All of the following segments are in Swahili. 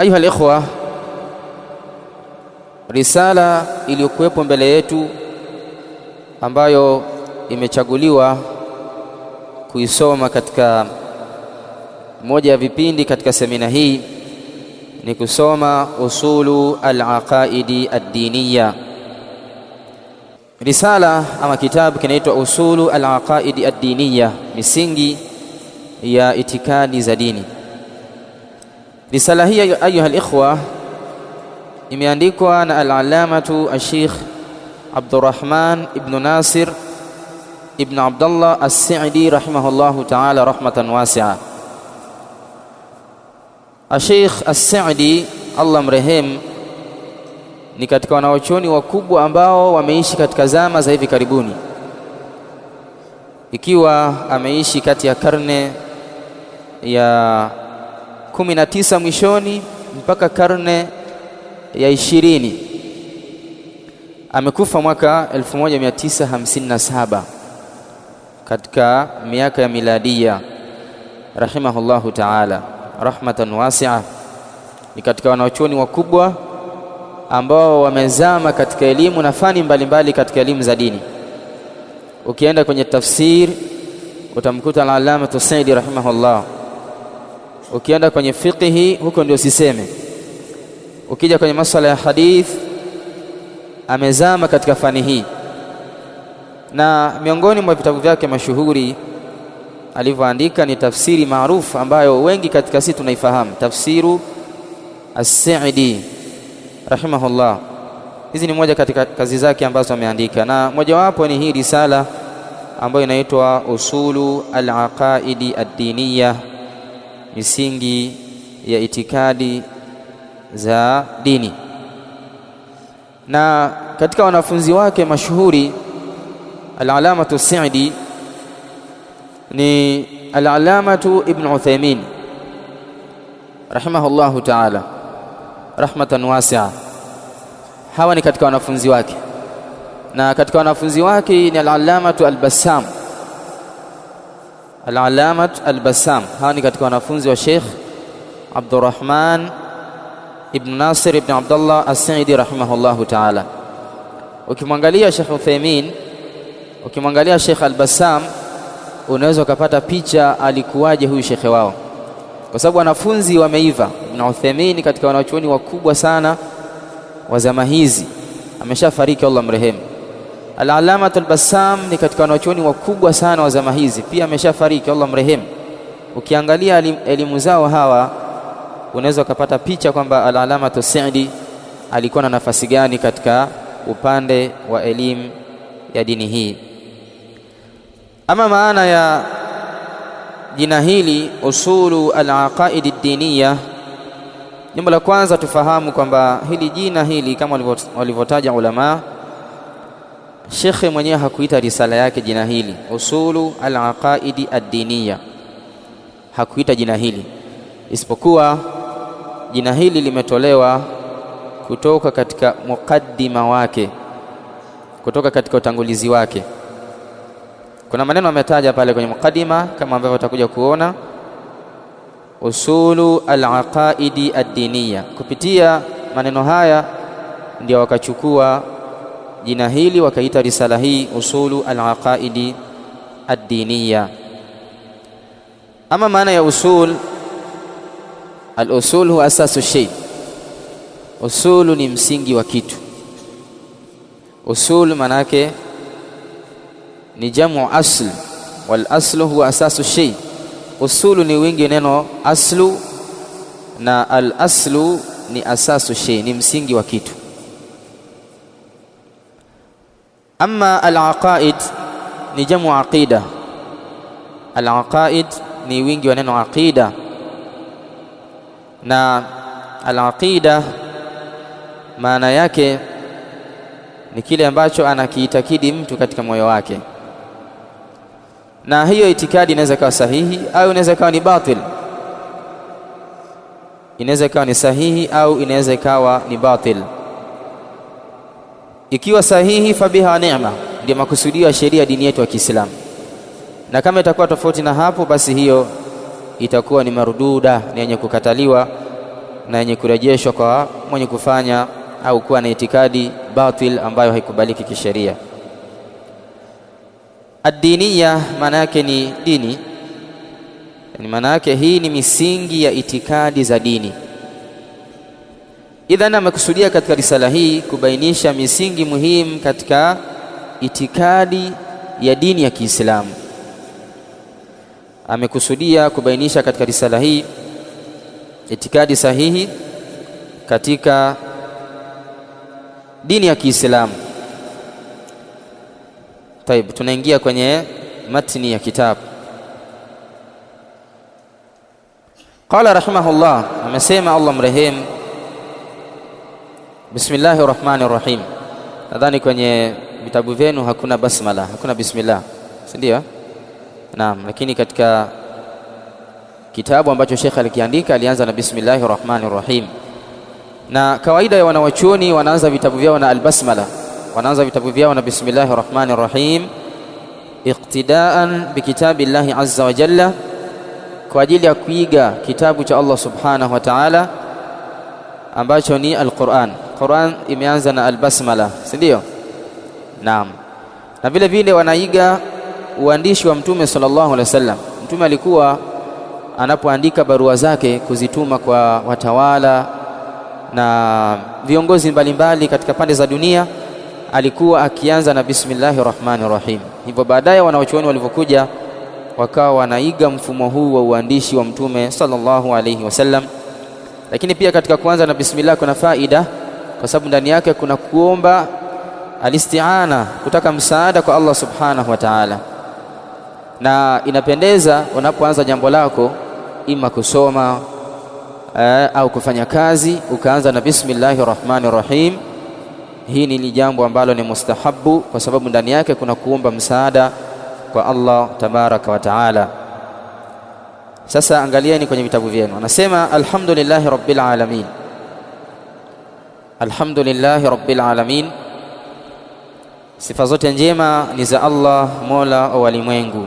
Ayuha alikhwa, risala iliyokuwepo mbele yetu ambayo imechaguliwa kuisoma katika moja ya vipindi katika semina hii ni kusoma usulu alaqaidi addiniya. Risala ama kitabu kinaitwa usulu alaqaidi addiniya, misingi ya itikadi za dini. Risala hii ayuha alikhwa imeandikwa na al-allamatu al-sheikh Abdurrahman ibn Nasir ibn Abdullah as-Sa'di rahimahullahu ta'ala rahmatan wasi'a. Al-Sheikh as-Sa'di Allah mrehemu ni katika wanawachuoni wakubwa ambao wameishi katika zama za hivi karibuni, ikiwa ameishi kati ya karne ya kumi na tisa mwishoni mpaka karne ya ishirini. Amekufa mwaka 1957 katika miaka ya miladia, rahimahullahu taala rahmatan wasia. Ni katika wanaochuoni wakubwa ambao wamezama katika elimu na fani mbalimbali mbali katika elimu za dini. Ukienda kwenye tafsir utamkuta Al-Allamatu Saidi rahimahullahu ukienda kwenye fiqhi huko ndio siseme. Ukija kwenye masuala ya hadith amezama katika fani hii, na miongoni mwa vitabu vyake mashuhuri alivyoandika ni tafsiri maarufu ambayo wengi katika sisi tunaifahamu, tafsiru As-Sa'di rahimahullah. Hizi ni moja katika kazi zake ambazo ameandika, na mojawapo ni hii risala ambayo inaitwa Usulu al-Aqaidi ad-Diniya misingi ya itikadi za dini. Na katika wanafunzi wake mashuhuri Al-Alamatu Sa'di ni Al-Alamatu Ibn Uthaymeen rahimahullahu ta'ala rahmatan wasi'a. Hawa ni katika wanafunzi wake, na katika wanafunzi wake ni Al-Alamatu Al-Bassam Al-Alamat Al-Bassam. Hawa ni katika wanafunzi wa Sheikh Abdurrahman ibn Nasir ibn Abdullah As-Saidi rahimahullahu ta'ala. Ukimwangalia Sheikh Uthaymeen, ukimwangalia Sheikh Al-Bassam unaweza ukapata picha alikuwaje huyu shekhe wao, kwa sababu wanafunzi wameiva. Ibn Uthaymeen katika wanachuoni wakubwa sana wa zama hizi, ameshafariki, Allah mrehemu al al Bassam ni katika wanachuoni wakubwa sana wa zama hizi, pia ameshafariki, Allah mrehemu. Ukiangalia elimu zao hawa, unaweza ukapata picha kwamba Al-Alamatu Sa'di alikuwa na nafasi gani katika upande wa elimu ya dini hii. Ama maana ya jina hili usulu al ad diniya, jambo la kwanza tufahamu kwamba hili jina hili kama walivyotaja ulama Shekhe mwenyewe hakuita risala yake jina hili usulu alaqaidi addiniya, hakuita jina hili isipokuwa jina hili limetolewa kutoka katika mukaddima wake, kutoka katika utangulizi wake. Kuna maneno ametaja pale kwenye mukaddima kama ambavyo utakuja kuona, usulu alaqaidi addiniya. Kupitia maneno haya ndio wakachukua jina hili wakaita risala hii usulu alaqaidi addiniya. Ama maana ya usul, alusul huwa asasu shay, usulu ni msingi wa kitu. Usul maana yake ni jamu asl, wal aslu huwa asasu shay. Usulu ni wingi neno aslu, na al aslu ni asasu shay, ni msingi wa kitu Amma alaqaid ni jamu aqida. Alaqaid ni wingi wa neno aqida, na alaqida maana yake ni kile ambacho anakiitakidi mtu katika moyo wake, na hiyo itikadi inaweza kuwa sahihi au inaweza kuwa ni batil, inaweza ikawa ni sahihi au inaweza ikawa ni batil ikiwa sahihi, fabiha neema, ndio makusudio ya sheria dini yetu ya Kiislamu, na kama itakuwa tofauti na hapo, basi hiyo itakuwa ni marududa, ni yenye kukataliwa na yenye kurejeshwa kwa mwenye kufanya au kuwa na itikadi batil ambayo haikubaliki kisheria. Ad-diniya maana yake ni dini, yani maana yake hii ni misingi ya itikadi za dini. Idhan, amekusudia katika risala hii kubainisha misingi muhimu katika itikadi ya dini ya Kiislamu. Amekusudia kubainisha katika risala hii itikadi sahihi katika dini ya Kiislamu. Taib, tunaingia kwenye matni ya kitabu. Qala rahimahullah, amesema Allah mrehemu Bismillahi rahmani rahim. Nadhani kwenye vitabu vyenu hakuna basmala, hakuna bismillah, si ndio? Naam, lakini katika kitabu ambacho Sheikh alikiandika alianza na bismillahi rahmani rahim, na kawaida ya wanawachuoni wanaanza vitabu vyao na albasmala, wanaanza vitabu vyao na bismillahi rahmani rahim iqtidaan bikitabi llahi azza wa jalla, kwa ajili ya kuiga kitabu cha Allah subhanahu wa ta'ala ambacho ni alquran. Quran imeanza na albasmala, si ndio? Naam. Na vile vile wanaiga uandishi wa Mtume sallallahu alaihi wasallam. Mtume alikuwa anapoandika barua zake kuzituma kwa watawala na viongozi mbalimbali mbali katika pande za dunia alikuwa akianza na bismillahi rahmani rahim. Hivyo baadaye wanawachuoni walivyokuja wakawa wanaiga mfumo huu wa uandishi wa Mtume sallallahu alaihi wasallam. Lakini pia katika kuanza na bismillah kuna faida, kwa sababu ndani yake kuna kuomba alistiana, kutaka msaada kwa Allah subhanahu wa ta'ala, na inapendeza unapoanza jambo lako, ima kusoma eh, au kufanya kazi, ukaanza na bismillahi rahmani rahim. Hii ni jambo ambalo ni mustahabu, kwa sababu ndani yake kuna kuomba msaada kwa Allah tabaraka wa taala. Sasa angalieni kwenye vitabu vyenu, anasema alhamdulillahi rabbil alamin, alhamdulillahi rabbil alamin, sifa zote njema ni za Allah mola wa walimwengu.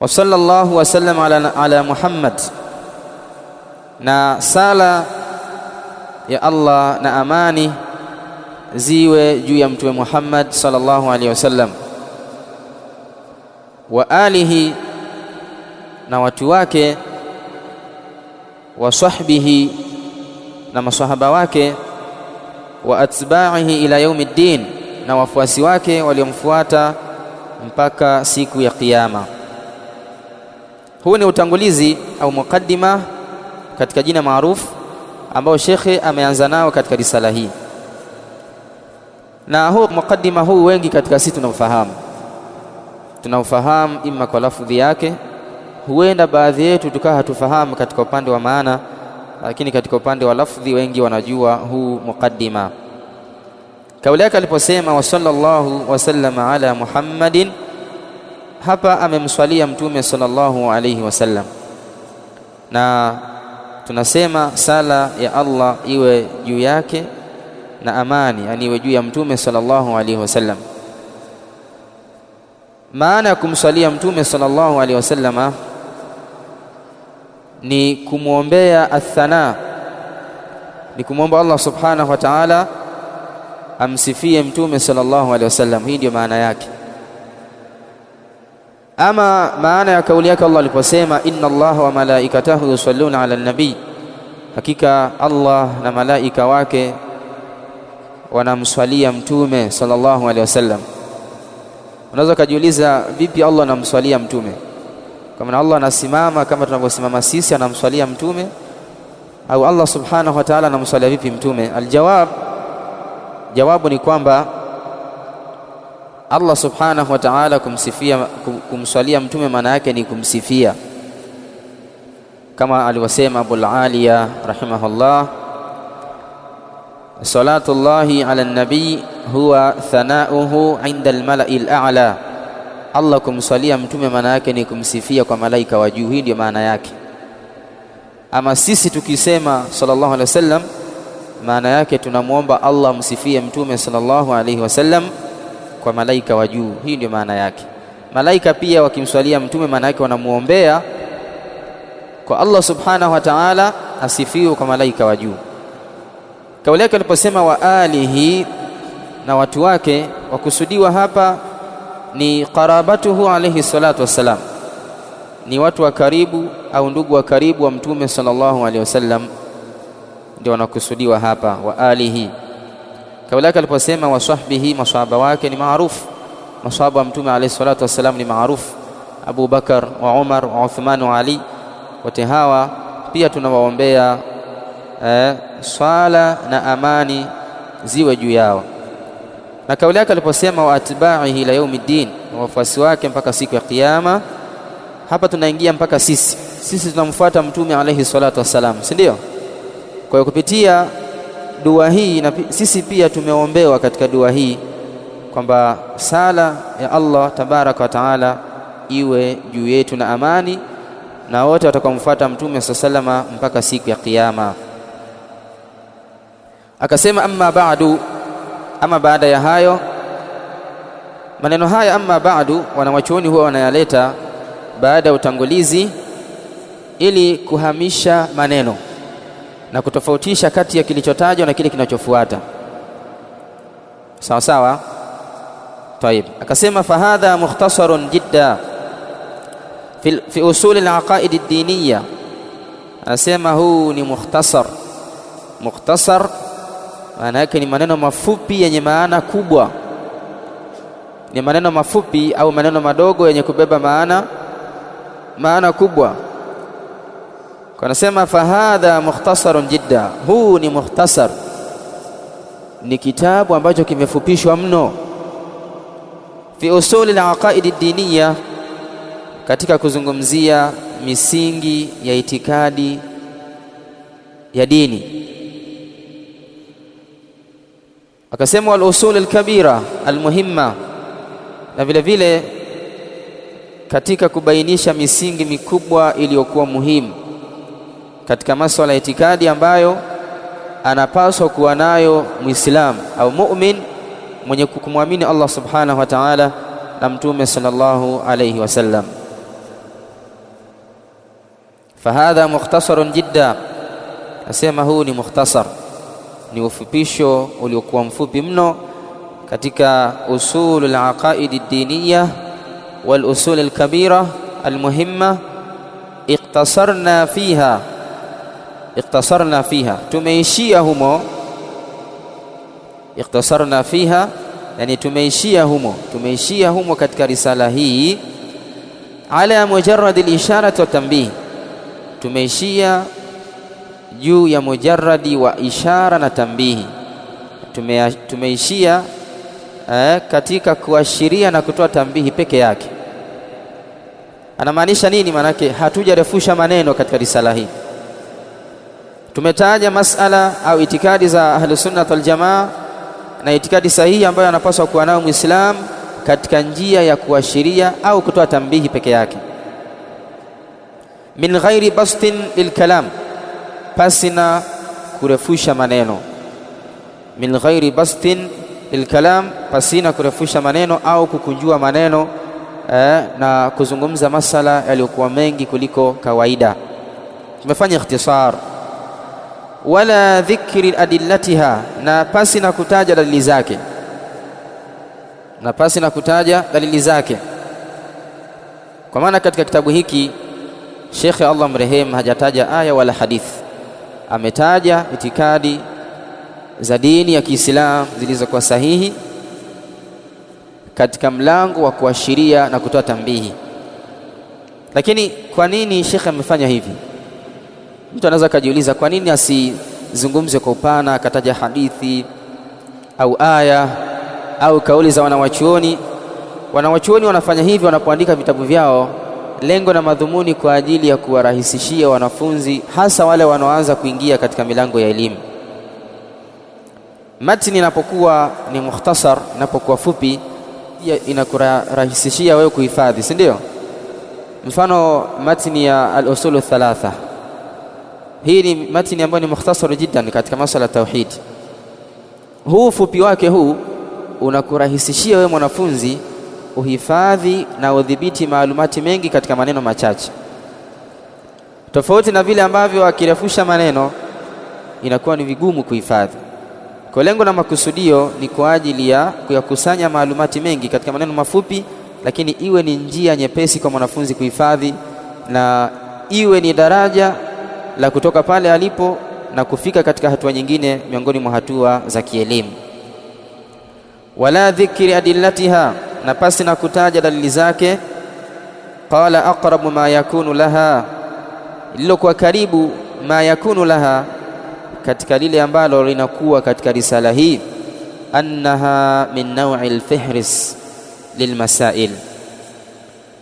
Wa sallallahu wasallam ala, ala Muhammad, na sala ya Allah na amani ziwe juu ya Mtume Muhammad sallallahu alaihi wasallam wa alihi na watu wake wa sahbihi na maswahaba wake wa atbaihi ila ddin na wafuasi wake waliomfuata mpaka siku ya kiyama. Huu ni utangulizi au mukaddima katika jina maarufu ambao shekhe ameanza nao katika risala hii, na huu mukaddima huu wengi katika sisi tunaofahamu tunaufahamu ima kwa lafudhi yake, huenda baadhi yetu tukawa hatufahamu katika upande wa maana, lakini katika upande wa lafudhi wengi wanajua huu muqaddima. Kauli yake aliposema wa sallallahu sallama ala Muhammadin, hapa amemswalia Mtume sallallahu alayhi wasallam, na tunasema sala ya Allah iwe juu yake na amani, yani iwe juu ya Mtume sallallahu alayhi wasallam. Maana ya kumswalia Mtume sallallahu alaihi wasallama ni kumwombea athana, ni kumwomba Allah subhanahu wa ta'ala amsifie Mtume sallallahu alaihi wasallam. Hii ndiyo maana yake. Ama maana ya kauli yake Allah aliposema, inna Allaha wa malaikatahu yusalluna ala nabii, hakika Allah na malaika wake wanamswalia Mtume sallallahu alaihi wasallam Unaweza ukajiuliza vipi Allah anamswalia mtume? Kwa maana Allah anasimama kama tunavyosimama sisi, anamswalia mtume au Allah subhanahu wa ta'ala anamswalia vipi mtume? Aljawab, jawabu ni kwamba Allah subhanahu wa ta'ala kumsifia, kumswalia mtume maana yake ni kumsifia kama alivyosema Abul Aliya rahimahullah salatullahi ala nabi huwa thanauhu inda almalai lala, Allah kumswalia mtume maana yake ni kumsifia kwa malaika wa juu. Hii ndio maana yake. Ama sisi tukisema sallallahu alaihi wasallam, maana yake tunamwomba Allah amsifie mtume sallallahu alaihi wasallam kwa malaika wa juu. Hii ndio maana yake. Malaika pia wakimswalia mtume, maana yake wanamwombea kwa Allah subhanahu wa ta'ala, asifiwe kwa malaika wa juu. Kauli yake aliposema wa alihi na watu wake, wakusudiwa hapa ni qarabatuhu alayhi salatu wassalam, ni watu wa karibu au ndugu wa karibu wa Mtume sallallahu alayhi wasallam, ndio wanakusudiwa hapa wa alihi. Kauli yake aliposema wa sahbihi, masahaba wake ni maarufu, masahaba wa Mtume alayhi salatu wassalam ni maarufu, Abu Bakar wa Umar wa Uthman wa Ali, wote hawa pia tunawaombea eh, swala na amani ziwe juu yao. Na kauli yake aliposema wa atbaihi ila yaumiddin, na wafuasi wake mpaka siku ya Kiyama. Hapa tunaingia mpaka sisi, sisi tunamfuata Mtume alaihi salatu wassalam, si ndio? Kwa hiyo kupitia dua hii na sisi pia tumeombewa katika dua hii kwamba sala ya Allah tabaraka wa taala iwe juu yetu na amani, na wote watakaomfuata Mtume sallallahu alaihi wasallam mpaka siku ya Kiyama. Akasema amma ba'du, ama baada ya hayo maneno haya amma ba'du, wanawachuoni huwa wanayaleta baada ya utangulizi ili kuhamisha maneno na kutofautisha kati ya kilichotajwa na kile kinachofuata. Sawa sawa, taib. Akasema fahadha mukhtasarun jidda fi, fi usuli alaqaid ad-diniya, anasema huu ni mukhtasar mukhtasar maana yake ni maneno mafupi yenye maana kubwa, ni maneno mafupi au maneno madogo yenye kubeba maana maana kubwa. Kanasema fahadha mukhtasarun jidda, huu ni mukhtasar, ni kitabu ambacho kimefupishwa mno. Fi usuli alaqaidi diniya, katika kuzungumzia misingi ya itikadi ya dini akasema wal usul alkabira almuhimma, na vile vile katika kubainisha misingi mikubwa iliyokuwa muhimu katika masuala ya itikadi ambayo anapaswa kuwa nayo Muislamu au mu'min mwenye kumwamini Allah subhanahu wa ta'ala na Mtume sallallahu alayhi wasallam. Fahadha mukhtasarun jidda, asema huu ni mukhtasar ni ufupisho uliokuwa mfupi mno katika usulul aqaidi diniya wal usul al kabira al muhimma iktasarna fiha iktasarna fiha tumeishia humo iktasarna fiha yani tumeishia humo tumeishia humo katika risala hii ala mujarrad al ishara wa tanbih tumeishia juu ya mujarradi wa ishara na tambihi. Tume, tumeishia eh, katika kuashiria na kutoa tambihi peke yake. Anamaanisha nini? Maanake hatujarefusha maneno katika risala hii. Tumetaja masala au itikadi za Ahlusunnat Waljamaa na itikadi sahihi ambayo anapaswa kuwa nayo Mwislamu katika njia ya kuashiria au kutoa tambihi peke yake, min ghairi bastin lilkalam pasina kurefusha maneno, min ghairi bastin lilkalam, pasina kurefusha maneno au kukunjua maneno eh, na kuzungumza masala yaliyokuwa mengi kuliko kawaida. Tumefanya ikhtisar. Wala dhikri adillatiha, na pasi na kutaja dalili zake, na pasi na kutaja dalili zake. Kwa maana katika kitabu hiki Shekhe Allah mrehemu hajataja aya wala hadithi ametaja itikadi za dini ya Kiislamu zilizokuwa sahihi katika mlango wa kuashiria na kutoa tambihi. Lakini kwa nini shekhe amefanya hivi? Mtu anaweza akajiuliza kwa nini asizungumze kwa upana, akataja hadithi au aya au kauli za wanawachuoni. Wanawachuoni wanafanya hivi wanapoandika vitabu vyao lengo na madhumuni kwa ajili ya kuwarahisishia wanafunzi hasa wale wanaoanza kuingia katika milango ya elimu. Matni inapokuwa ni mukhtasar, inapokuwa fupi inakurahisishia wewe kuhifadhi, si ndio? Mfano matni ya al-usulu thalatha, hii ni matni ambayo ni mukhtasar jiddan katika masala ya tauhid. Huu ufupi wake huu unakurahisishia wewe mwanafunzi uhifadhi na udhibiti maalumati mengi katika maneno machache, tofauti na vile ambavyo akirefusha maneno inakuwa ni vigumu kuhifadhi. Kwa lengo na makusudio ni kwa ajili ya kuyakusanya maalumati mengi katika maneno mafupi, lakini iwe ni njia nyepesi kwa mwanafunzi kuhifadhi na iwe ni daraja la kutoka pale alipo na kufika katika hatua nyingine miongoni mwa hatua za kielimu wala dhikri adillatiha, na pasi na kutaja dalili zake. Qala aqrabu ma yakunu laha, lililokuwa karibu ma yakunu laha, katika lile ambalo linakuwa katika risala hii, annaha min naui lfihris lilmasail,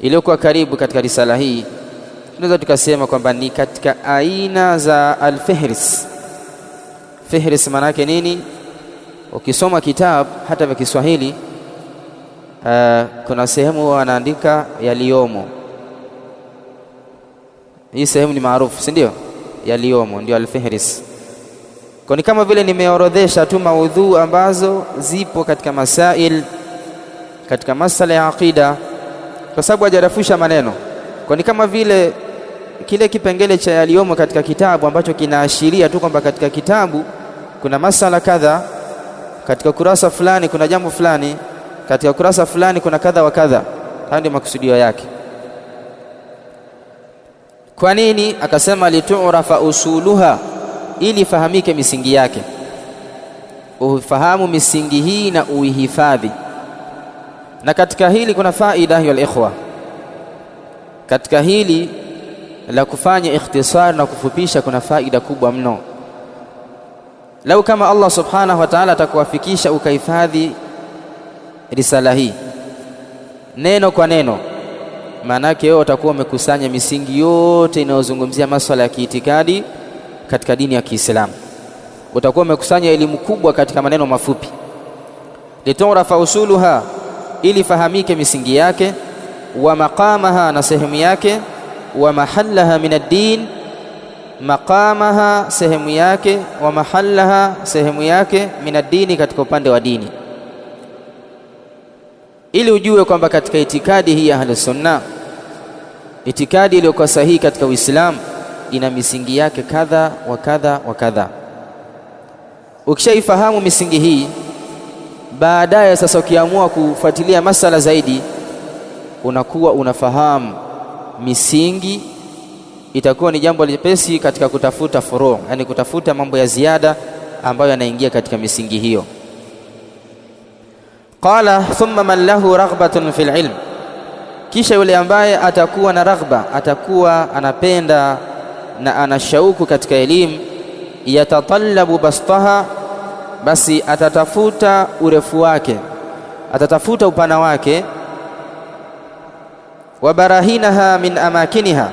iliyokuwa karibu katika risala hii tunaweza tukasema kwamba ni katika aina za alfihris. Fihris maana yake nini? Ukisoma kitabu hata vya Kiswahili uh, kuna sehemu wanaandika yaliyomo. Hii sehemu ni maarufu, si ndio? Yaliyomo ndio alfihris. Kwa ni kama vile nimeorodhesha tu maudhu ambazo zipo katika masail katika masala ya aqida, kwa sababu hajarefusha maneno. Kwa ni kama vile kile kipengele cha yaliyomo katika kitabu ambacho kinaashiria tu kwamba katika kitabu kuna masala kadha katika kurasa fulani kuna jambo fulani, katika kurasa fulani kuna kadha wa kadha. Hayo ndio makusudio yake. Kwa nini akasema liturafa usuluha, ili ifahamike misingi yake. Ufahamu misingi hii na uihifadhi. Na katika hili kuna faida ya ikhwa, katika hili la kufanya ikhtisar na kufupisha kuna faida kubwa mno lau kama Allah subhanahu wa ta'ala atakuwafikisha ukahifadhi risala hii neno kwa neno, maana yake wewe utakuwa umekusanya misingi yote inayozungumzia masuala ya kiitikadi katika dini ya Kiislamu. Utakuwa umekusanya elimu kubwa katika maneno mafupi, liturafa usuluha, ili fahamike misingi yake, wa maqamaha, na sehemu yake, wa mahalaha min ad-din maqamaha sehemu yake wa mahalaha sehemu yake minadini katika upande wa dini ili ujue kwamba katika itikadi hii ya sunna itikadi iliyokuwa sahihi katika Uislamu ina misingi yake kadha wa kadha wa kadha ukishaifahamu misingi hii baadaye sasa ukiamua kufuatilia masala zaidi unakuwa unafahamu misingi itakuwa ni jambo lepesi katika kutafuta furuu, yani kutafuta mambo ya ziada ambayo yanaingia katika misingi hiyo. Qala thumma man lahu raghbatun fil ilm, kisha yule ambaye atakuwa na raghba, atakuwa anapenda na ana shauku katika elimu. Yatatallabu bastaha, basi atatafuta urefu wake, atatafuta upana wake. Wa barahinaha min amakiniha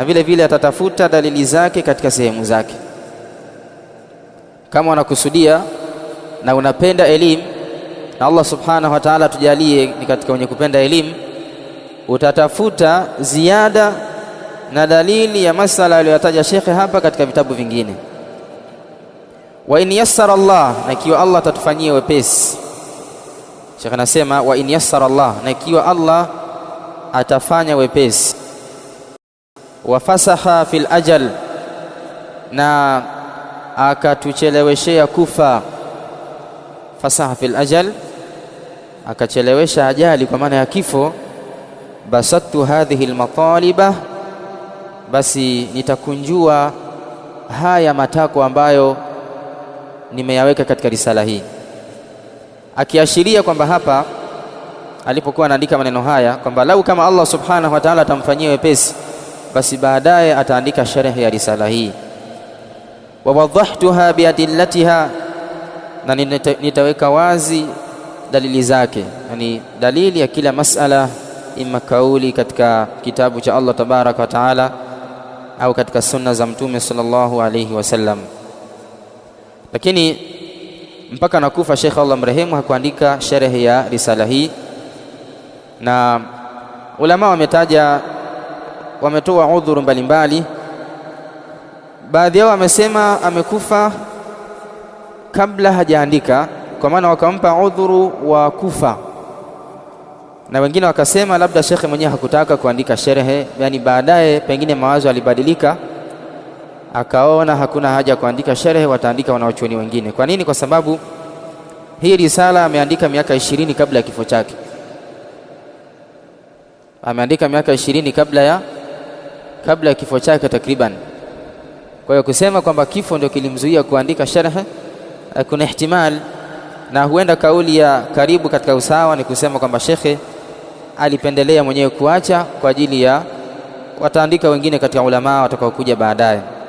na vile vile atatafuta dalili zake katika sehemu zake. Kama unakusudia na unapenda elimu na Allah subhanahu wa ta'ala tujalie ni katika wenye kupenda elimu, utatafuta ziada na dalili ya masala aliyoyataja shekhe hapa katika vitabu vingine. Wa in yassara Allah, na ikiwa Allah atatufanyia wepesi. Shekhe anasema wa in yassara Allah, na ikiwa Allah atafanya wepesi wafasaha fil ajal, na akatucheleweshea kufa. Fasaha fil ajal, akachelewesha ajali kwa maana ya kifo. Basattu hadhihi lmataliba basi nitakunjua haya matako ambayo nimeyaweka katika risala hii, akiashiria kwamba hapa alipokuwa anaandika maneno haya kwamba lau kama Allah subhanahu wa ta'ala atamfanyia wepesi basi baadaye ataandika sharh ya risala hii. Wawadhahtuha biadillatiha, na nitaweka wazi dalili zake, yani dalili ya kila masala, ima kauli katika kitabu cha Allah tabaraka wa taala au katika sunna za Mtume sallallahu alayhi wasallam. Lakini mpaka nakufa Sheikh Allah mrehemu hakuandika sharh ya risala hii, na ulama wametaja wametoa udhuru mbalimbali. Baadhi yao wamesema amekufa kabla hajaandika, kwa maana wakampa udhuru wa kufa, na wengine wakasema labda shekhe mwenyewe hakutaka kuandika sherehe, yani baadaye pengine mawazo alibadilika akaona hakuna haja ya kuandika sherehe, wataandika wanaochuoni wengine. Kwa nini? Kwa sababu hii risala ameandika miaka ishirini kabla ya kifo chake, ameandika miaka ishirini kabla ya kabla ya kifo chake takriban. Kwa hiyo kusema kwamba kifo ndio kilimzuia kuandika sharh eh, kuna ihtimal, na huenda kauli ya karibu katika usawa ni kusema kwamba shekhe alipendelea mwenyewe kuacha kwa ajili ya wataandika wengine katika ulamaa watakaokuja baadaye.